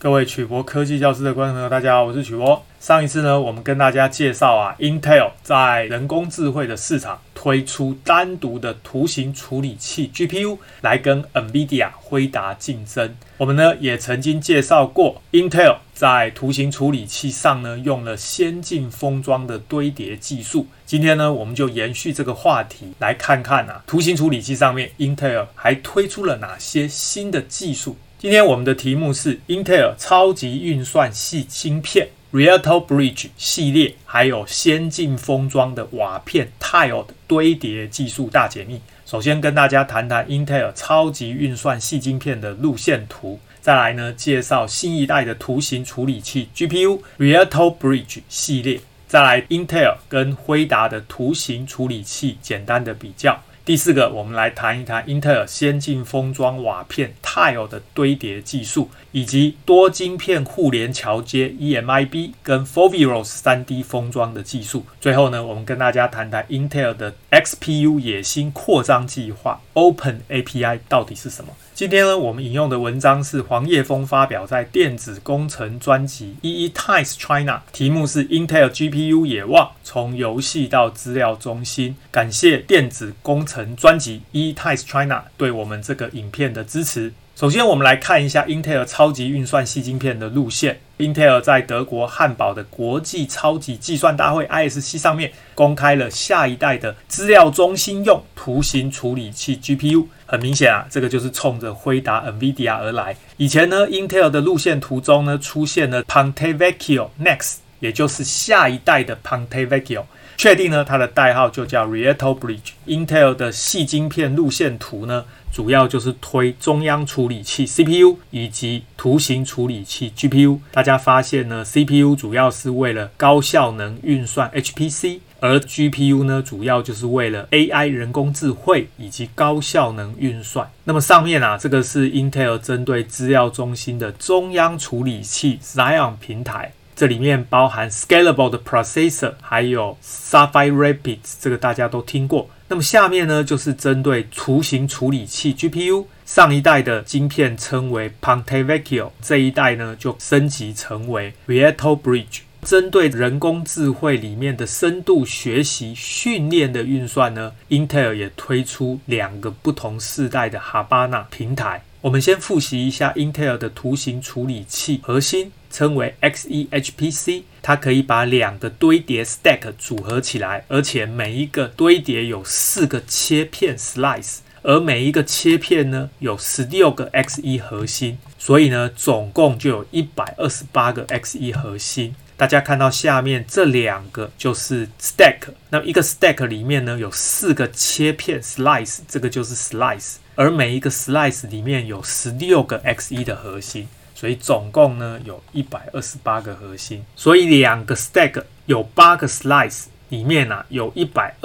各位曲博科技教室的觀眾朋友，大家好，我是曲博。上一次呢，我們跟大家介紹啊，Intel 在人工智慧的市場推出單獨的圖形處理器 GPU 來跟 NVIDIA 輝達競爭。我們呢也曾經介紹過 Intel 在圖形處理器上呢用了先進封裝的堆疊技術。今天呢，我們就延續這個話題，來看看啊，圖形處理器上面 Intel 還推出了哪些新的技術。今天我們的題目是英特爾超級運算系芯片 Rialto Bridge 系列，還有先進封裝的瓦片 Tile 堆疊技術大解密。首先跟大家談談英特爾超級運算系晶片的路線圖，再來呢，介紹新一代的圖形處理器 GPU Rialto Bridge 系列，再來英特爾跟輝達的圖形處理器簡單的比較。第四個，我們來談一談英特爾先進封裝瓦片 Tile 的堆疊技術，以及多晶片互聯橋接 EMIB 跟 Foveros 3D 封裝的技術。最後呢，我們跟大家談談 Intel 的 XPU 野心擴張計劃 Open API 到底是什麼？今天呢，我們引用的文章是黃葉峰發表在《電子工程專輯》EE Times China，題目是 “Intel GPU 野望：從遊戲到資料中心”。感謝《電子工程專輯》EE Times China 對我們這個影片的支持。首先，我們來看一下 Intel 超級運算細晶片的路線。Intel 在德國漢堡的國際超級計算大會 ISC 上面公開了下一代的資料中心用圖形處理器 GPU。很明顯啊，這個就是衝着輝達 NVIDIA 而來。以前呢，Intel 的路線圖中呢出現了 Ponte Vecchio Next，也就是下一代的 Ponte Vecchio，確定呢，它的代號就叫 Rialto Bridge。Intel 的細晶片路線圖呢，主要就是推中央處理器 CPU 以及圖形處理器 GPU。大家發現呢，CPU 主要是為了高效能運算 HPC，而 GPU 呢，主要就是為了 AI 人工智慧以及高效能運算。那麼上面啊，這個是 Intel 針對資料中心的中央處理器 Xeon 平台。這裡面包含 scalable 的 processor，還有 Sapphire Rapids，這個大家都聽過。那麼下面呢，就是針對圖形處理器 GPU，上一代的晶片稱為 Ponte Vecchio，這一代呢就升級成為 Rialto Bridge。針對人工智慧裡面的深度學習訓練的運算呢，Intel 也推出兩個不同世代的 Habana 平台。我們先複習一下 Intel 的圖形處理器核心，稱為 Xe HPC，它可以把兩個堆疊 stack 組合起來，而且每一個堆疊有四個切片 slice，而每一個切片呢有十六個 Xe 核心，所以呢總共就有一百二十八個 Xe 核心。大家看到下面這兩個就是 stack，那麼一個 stack 裡面呢有四個切片 slice，這個就是 slice，而每一個 slice 裡面有十六個 Xe 的核心。所以總共呢有128個核心，所以兩個 stack 有八個 slice，裡面呢、啊、有128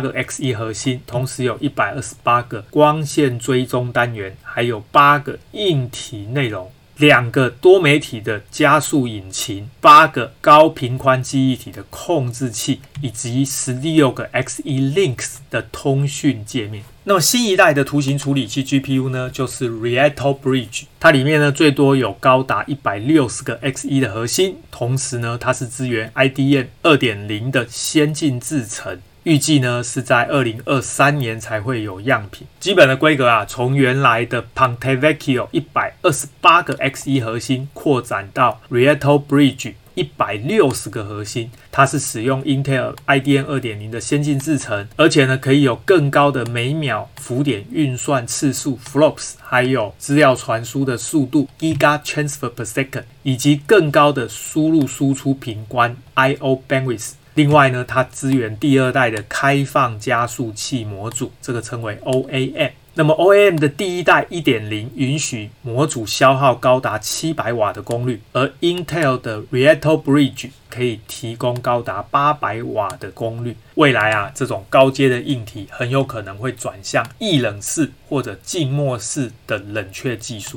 個 Xe 核心，同時有128個光線追蹤單元，還有八個硬體內容，兩個多媒體的加速引擎，八個高頻寬記憶體的控制器，以及十六個 Xe Links 的通訊界面。那麼新一代的圖形處理器 GPU 呢，就是 Rialto Bridge，它裡面呢最多有高達一百六十個 Xe 的核心，同時呢它是支援 IDM 二點零的先進製程，預計呢是在二零二三年才會有樣品。基本的規格啊，從原來的 Ponte Vecchio 一百二十八個 Xe 核心擴展到 Rialto Bridge。一百六十個核心，它是使用 Intel IDM 二點零的先進製程，而且呢可以有更高的每秒浮點運算次數 （FLOPS），還有資料傳輸的速度 （Giga transfer per second），以及更高的輸入輸出頻寬 （I/O bandwidth）。另外呢，它支援第二代的開放加速器模組，這個稱為 OAM。那麼，OAM 的第一代1.0允許模組消耗高達700瓦的功率，而 Intel 的 Rialto Bridge 可以提供高達800瓦的功率。未來啊，這種高階的硬體很有可能會轉向液冷式或者浸沒式的冷卻技術。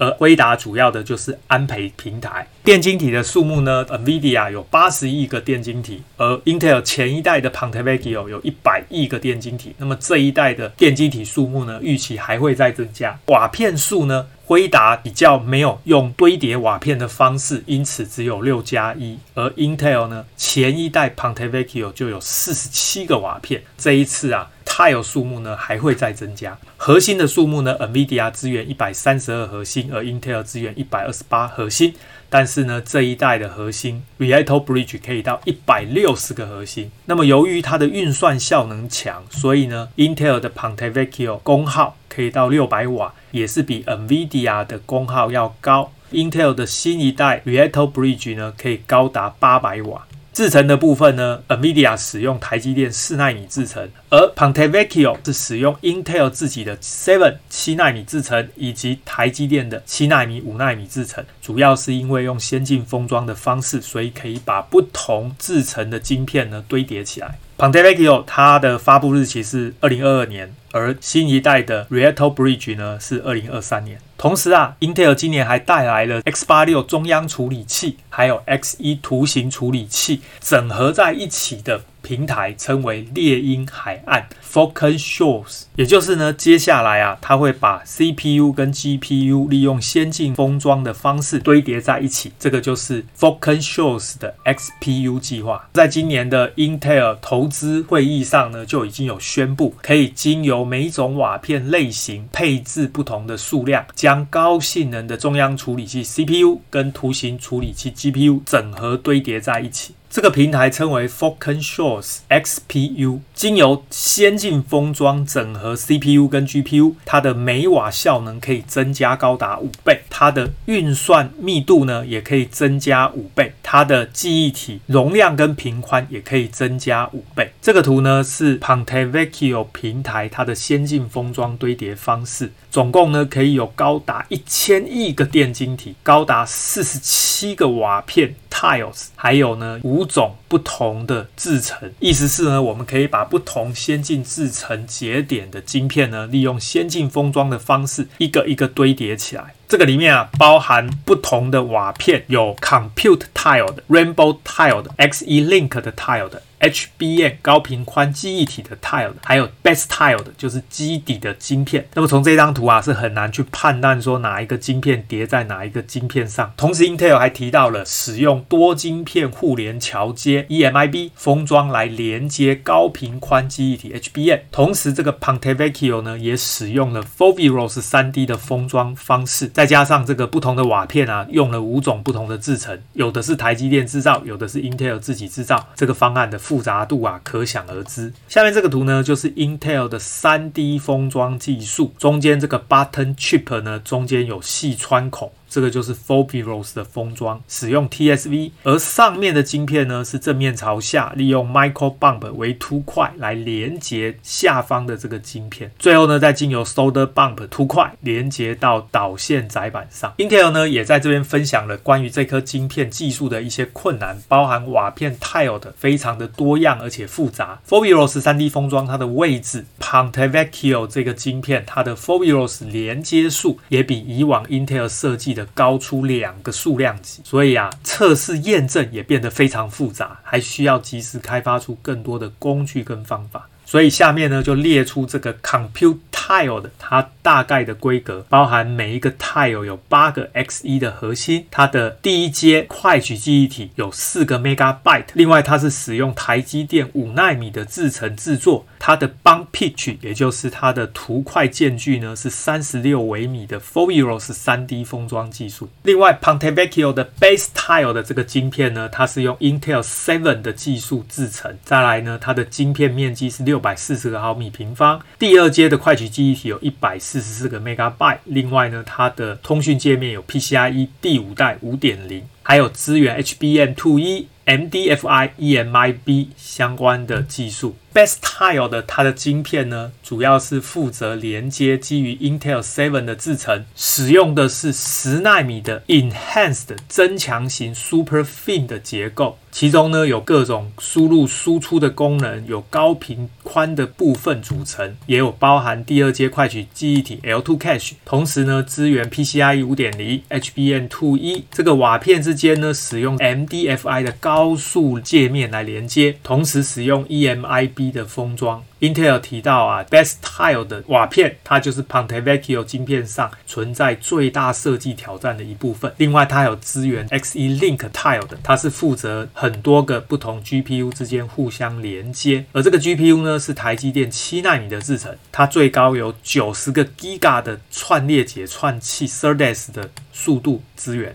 而輝達主要的就是安培平台，電晶體的數目呢，NVIDIA 有八十億個電晶體，而 Intel 前一代的 Ponte Vecchio 有一百億個電晶體。那麼這一代的電晶體數目呢，預期還會再增加。瓦片數呢，輝達比較沒有用堆疊瓦片的方式，因此只有六加一。而 Intel 呢，前一代 Ponte Vecchio 就有四十七個瓦片。這一次啊。Tile 數目呢，還會再增加。核心的數目呢，NVIDIA 支援一百三十二核心，而 Intel 支援一百二十八核心。但是呢，這一代的核心 Rialto Bridge 可以到一百六十個核心。那麼由於它的運算效能強，所以呢，Intel 的 Ponte Vecchio 功耗可以到六百瓦，也是比 NVIDIA 的功耗要高。Intel 的新一代 Rialto Bridge 呢，可以高達八百瓦。製程的部分呢，NVIDIA 使用台積電四納米製程，而 Ponte Vecchio 是使用 Intel 自己的 seven 七納米制程以及台積電的七納米五納米制程。主要是因為用先進封裝的方式，所以可以把不同製程的晶片呢堆疊起來。Ponte Vecchio 它的發布日期是二零二二年，而新一代的 Rialto Bridge 呢是二零二三年。同時啊，Intel 今年還帶來了 X 八六中央處理器，還有 X 一圖形處理器整合在一起的平台，稱為獵鷹海岸 （Falcon Shores）。也就是呢，接下來啊，它會把 CPU 跟 GPU 利用先進封裝的方式堆疊在一起，這個就是 Falcon Shores 的 XPU 計劃。在今年的 Intel 投資會議上呢，就已經有宣布，可以經由每一種瓦片類型配置不同的數量，加。將高性能的中央處理器 CPU 跟圖形處理器 GPU 整合堆疊在一起。這個平台稱為 Falcon Shores XPU，經由先進封裝整合 CPU 跟 GPU，它的每瓦效能可以增加高達五倍，它的運算密度呢也可以增加五倍，它的記憶體容量跟頻寬也可以增加五倍。這個圖呢是 Ponte Vecchio 平台，它的先進封裝堆疊方式，總共呢可以有高達一千億個電晶體，高達四十七個瓦片 tiles，還有呢五。五種不同的製程，意思是呢，我們可以把不同先進製程節點的晶片呢，利用先進封裝的方式，一個一個堆疊起來。這個裡面啊，包含不同的瓦片，有 Compute Tile 的、Rainbow Tile 的、Xe Link 的 Tile 的。HBM 高頻寬記憶體的 Tile，還有 Base Tile 的，就是基底的晶片。那麼從這張圖啊，是很難去判斷說哪一個晶片疊在哪一個晶片上。同時，Intel 還提到了使用多晶片互聯橋接 EMIB 封裝來連接高頻寬記憶體 HBM。同時，這個 Ponte Vecchio 呢，也使用了 Foveros 3D 的封裝方式，再加上這個不同的瓦片啊，用了五種不同的製程，有的是台積電製造，有的是 Intel 自己製造。這個方案的。複雜度啊，可想而知。下面這個圖呢，就是 Intel 的 3D 封裝技術，中間這個 Button Chip 呢，中間有細穿孔。這個就是 Foveros 的封裝，使用 TSV，而上面的晶片呢是正面朝下，利用 Micro bump 為凸塊來連接下方的這個晶片，最後呢再經由 Solder bump 凸塊連接到導線載板上。Intel 呢也在這邊分享了關於這顆晶片技術的一些困難，包含瓦片 tile 的非常的多樣而且複雜，Foveros 3D 封裝它的位置，Ponte Vecchio 這個晶片它的 Foveros 連接數也比以往 Intel 設計的高出兩個數量級，所以啊，測試驗證也變得非常複雜，還需要及時開發出更多的工具跟方法。所以下面呢，就列出這個 Compute Tile 的它大概的規格，包含每一個 Tile 有八個 XE 的核心，它的第一階快取記憶體有四個 megabyte，另外它是使用台積電五納米的制程制作。它的 bump pitch，也就是它的圖塊間距呢，是三十六微米的 Foveros 三 D 封裝技術。另外，Ponte Vecchio 的 base tile 的這個晶片呢，它是用 intel seven 的技術制成。再來呢，它的晶片面積是六百四十個毫米平方。第二階的快取記憶體有一百四十四個 megabyte。另外呢，它的通訊界面有 PCIe 第五代五點零，還有支援 HBM two E。MDFI EMIB 相關的技術，Best Tile 的它的晶片呢，主要是負責連接基於 Intel 7的製程，使用的是十納米的 Enhanced 增強型 Super Fin 的結構，其中呢有各種輸入輸出的功能，有高頻寬的部分組成，也有包含第二階快取記憶體 L2 Cache，同時呢支援 PCIe 5.0、HBM2E，這個瓦片之間呢使用 MDFI 的高高速界面來連接，同時使用 EMIB 的封裝。Intel 提到啊，Best Tile 的瓦片，它就是 Ponte Vecchio 晶片上存在最大設計挑戰的一部分。另外，它有支援 Xe Link Tile 的，它是負責很多個不同 GPU 之間互相連接。而這個 GPU 呢，是台積電七納米的制程，它最高有九十個 Giga 的串列解串器 SerDes 的速度支援。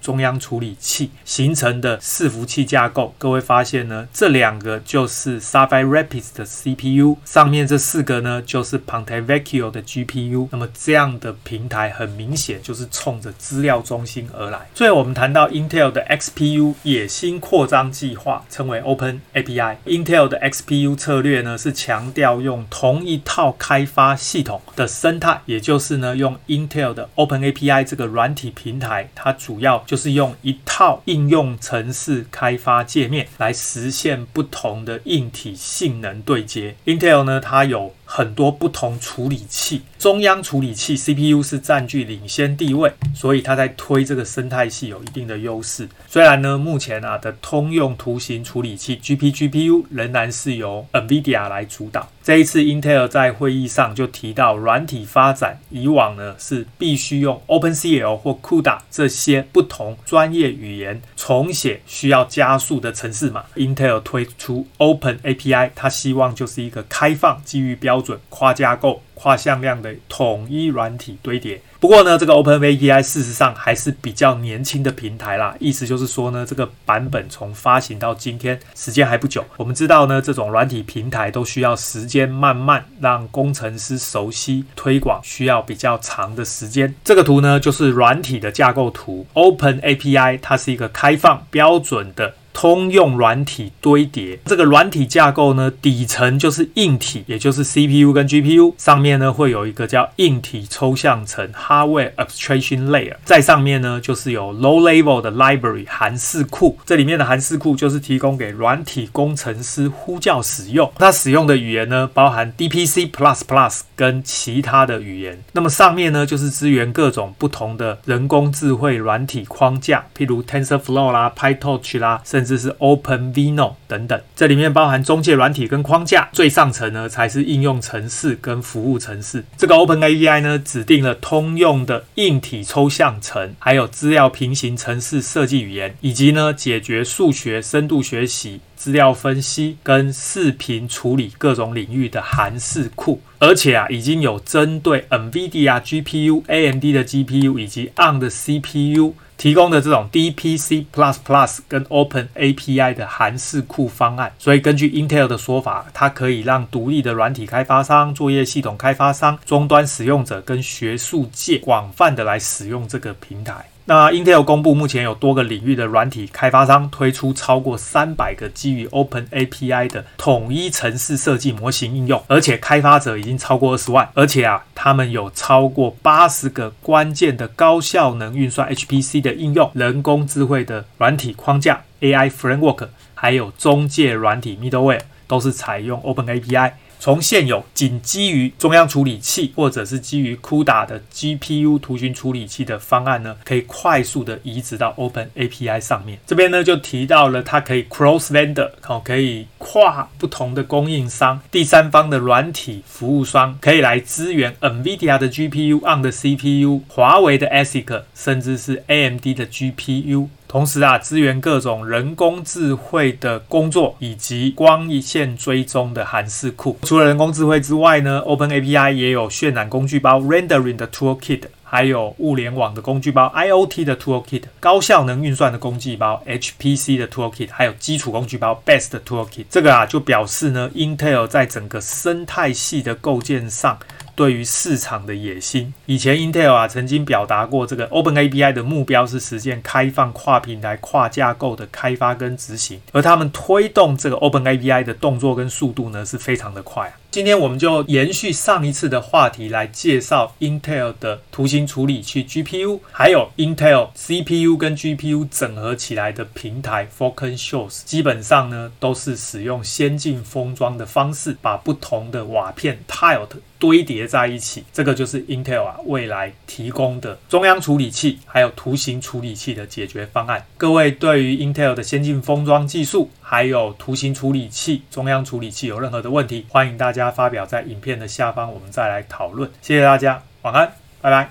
中央處理器形成的伺服器架構，各位發現呢，這兩個就是 Sapphire Rapids 的 CPU，上面這四個呢，就是 Ponte Vecchio 的 GPU。那麼這樣的平台很明顯就是衝着資料中心而來。所以我們談到 Intel 的 XPU 野心擴張計劃，稱為 Open API。Intel 的 XPU 策略呢，是強調用同一套開發系統的生態，也就是呢，用 Intel 的 Open API 這個軟體平台，它主要就是。就是用一套應用程式開發界面來實現不同的硬體性能對接。Intel 呢，它有。很多不同處理器，中央處理器 CPU 是佔據領先地位，所以它在推這個生態系有一定的優勢。雖然呢，目前啊的通用圖形處理器 GPGPU 仍然是由 NVIDIA 來主導。這一次 Intel 在會議上就提到，軟體發展以往呢是必須用 OpenCL 或 CUDA 這些不同專業語言重寫需要加速的程式碼。Intel 推出 Open API，它希望就是一個開放基於標。標準跨架構、跨向量的統一軟體堆疊。不過呢，這個 Open API 事實上還是比較年輕的平台啦。意思就是說呢，這個版本從發行到今天時間還不久。我們知道呢，這種軟體平台都需要時間慢慢讓工程師熟悉、推廣，需要比較長的時間。這個圖呢，就是軟體的架構圖。Open API 它是一個開放標準的。通用軟體堆疊，這個軟體架構呢，底層就是硬體，也就是 CPU 跟 GPU，上面呢會有一個叫硬體抽象層 （Hardware Abstraction Layer），在上面呢就是有 low level 的 library 函式庫，這裡面的函式庫就是提供給軟體工程師呼叫使用，它使用的語言呢包含 DPC++。跟其他的語言，那麼上面呢就是支援各種不同的人工智慧軟體框架，譬如 TensorFlow 啦、PyTorch 啦，甚至是 OpenVINO 等等。這裡面包含中介軟體跟框架，最上層呢才是應用程式跟服務程式。這個 oneAPI 呢指定了通用的硬體抽象層，還有資料平行程式設計語言，以及呢解決數學深度學習。資料分析跟視頻處理各種領域的函式庫，而且啊已經有針對 NVIDIA GPU、AMD 的 GPU 以及 ARM 的 CPU 提供的這種 DPC++ 跟 Open API 的函式庫方案。所以根據 Intel 的說法，它可以讓獨立的軟體開發商、作業系統開發商、終端使用者跟學術界廣泛的來使用這個平台。那 Intel 公布，目前有多個領域的軟體開發商推出超過三百個基於 Open API 的統一程式設計模型應用，而且開發者已經超過二十萬。而且啊，他們有超過八十個關鍵的高效能運算 HPC 的應用、人工智慧的軟體框架 AI Framework，還有中介軟體 Middleware，都是採用 Open API。從現有僅基於中央處理器或者是基於 CUDA 的 GPU 圖形處理器的方案呢，可以快速的移植到 Open API 上面。這邊呢就提到了它可以 cross vendor，哦，可以跨不同的供應商、第三方的軟體服務商，可以來支援 NVIDIA 的 GPU on 的 CPU、華為的 ASIC，甚至是 AMD 的 GPU。同時啊，支援各種人工智慧的工作，以及光一線追蹤的函式庫。除了人工智慧之外呢，Open API 也有渲染工具包 （Rendering 的 Tool Kit），還有物聯網的工具包 （IOT 的 Tool Kit），高效能運算的工具包 （HPC 的 Tool Kit），還有基礎工具包 b e s t 的 Tool Kit）。這個啊，就表示呢，Intel 在整個生態系的構建上，對於市場的野心，以前 Intel 啊曾經表達過這個 Open API 的目標是實現開放跨平台、跨架構的開發跟執行，而他們推動這個 Open API 的動作跟速度呢是非常的快。今天我們就延續上一次的話題來介紹 Intel 的圖形處理器 GPU，還有 Intel CPU 跟 GPU 整合起來的平台 Falcon Shores，基本上呢都是使用先進封裝的方式，把不同的瓦片 Tile 堆疊在一起，這個就是 Intel 啊未來提供的中央處理器還有圖形處理器的解決方案。各位對於 Intel 的先進封裝技術還有圖形處理器、中央處理器有任何的問題，歡迎大家發表在影片的下方，我們再來討論。謝謝大家，晚安，拜拜。